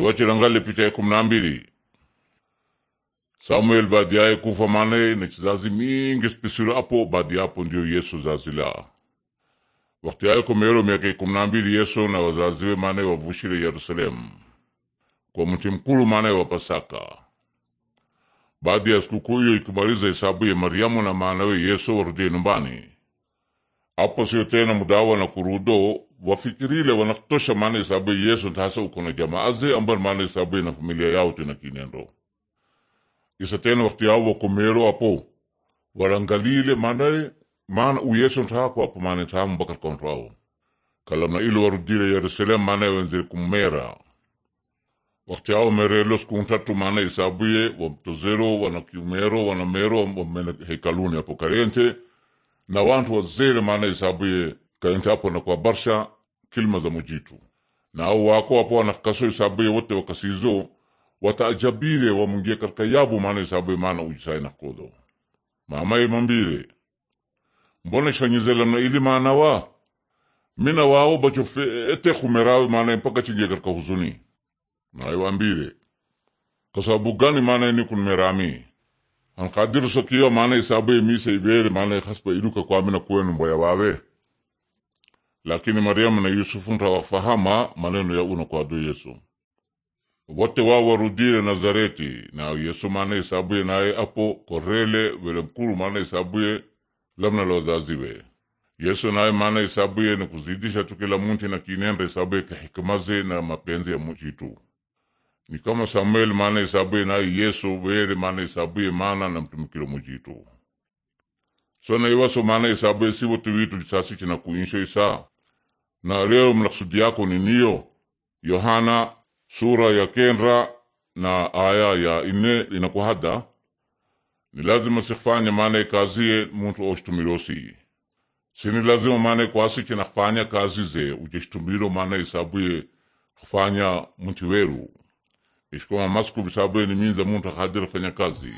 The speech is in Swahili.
niwachilangale picha ya kumi na mbili samuel baadiyaye kufa manaye na chizazi mingi spisiro apo baadi apo ndio yesu zazila wakati yaye kumero miaka ikumi na mbili yesu na wazaziwe manaye wavushile yerusalemu kwa mti mkulu manaye wa pasaka baadi ya sikukuu hiyo ikimaliza hesabu ya mariamu na manawe yesu warudie nyumbani apo sio tena mudawa na kurudo wafikirile wanakutosha maana isabai yesu ntahasa uko na jamaa aze ambar maana isabai na familia yao tena kinendo isa tena wakati yao wako mero apo warangalile maanae maana u yesu ntahako apo maana ntahamu mbaka konto ao kalamna ilo warudile yerusalemu maanae wenziri kumera wakati ao merelo siku ntatu maana isabuye wamtozero wanakiumero wanamero wamene hekaluni apo karente na wantu wazere maana ye kaente apo na kwa barsha kilma za mujitu na au wako wapo apo anakakaso isabuye wote wakasizo wataajabile wamungie karka yabu mana isabuye maana ujisai na nakodo mamaye mambile mbona na ili maana wa mina wao bachofe ete khumerawe maana mpaka chingie karka huzuni na naye kwa sababu gani maana ni kunmerami ankadiru sokiyo mana isabuye mise ibere mana khasba iluka mina kuwenu mboya wawe lakini Mariamu na Yusufu ntawafahama maneno ya uno kwa adu Yesu wote wao warudile Nazareti na Yesu maana isabuye naye apo korele wele mkuru maana isabuye lamna la wazaziwe Yesu naye maana isabuye ni kuzidisha tu kila muntu na kinenda isabuye kahikmaze na mapenzi ya mujitu ni kama Samueli maana isabuye naye Yesu wele maana isabuye maana na mtumikilo mujitu so na iwaso maana isabu esivo tuwitu jisasi kina kuinsho isa na leo maksudi yako ni niyo yohana sura ya kenra na aya ya ine inakuhada ni lazima sikfanya maana ikazie muntu oshtumirosi sini lazima maana ikwasi kina kufanya kazi ze ujeshtumiro maana isabuye kufanya mtu weru ishkoma masku ni minza mtu akadira fanya kazi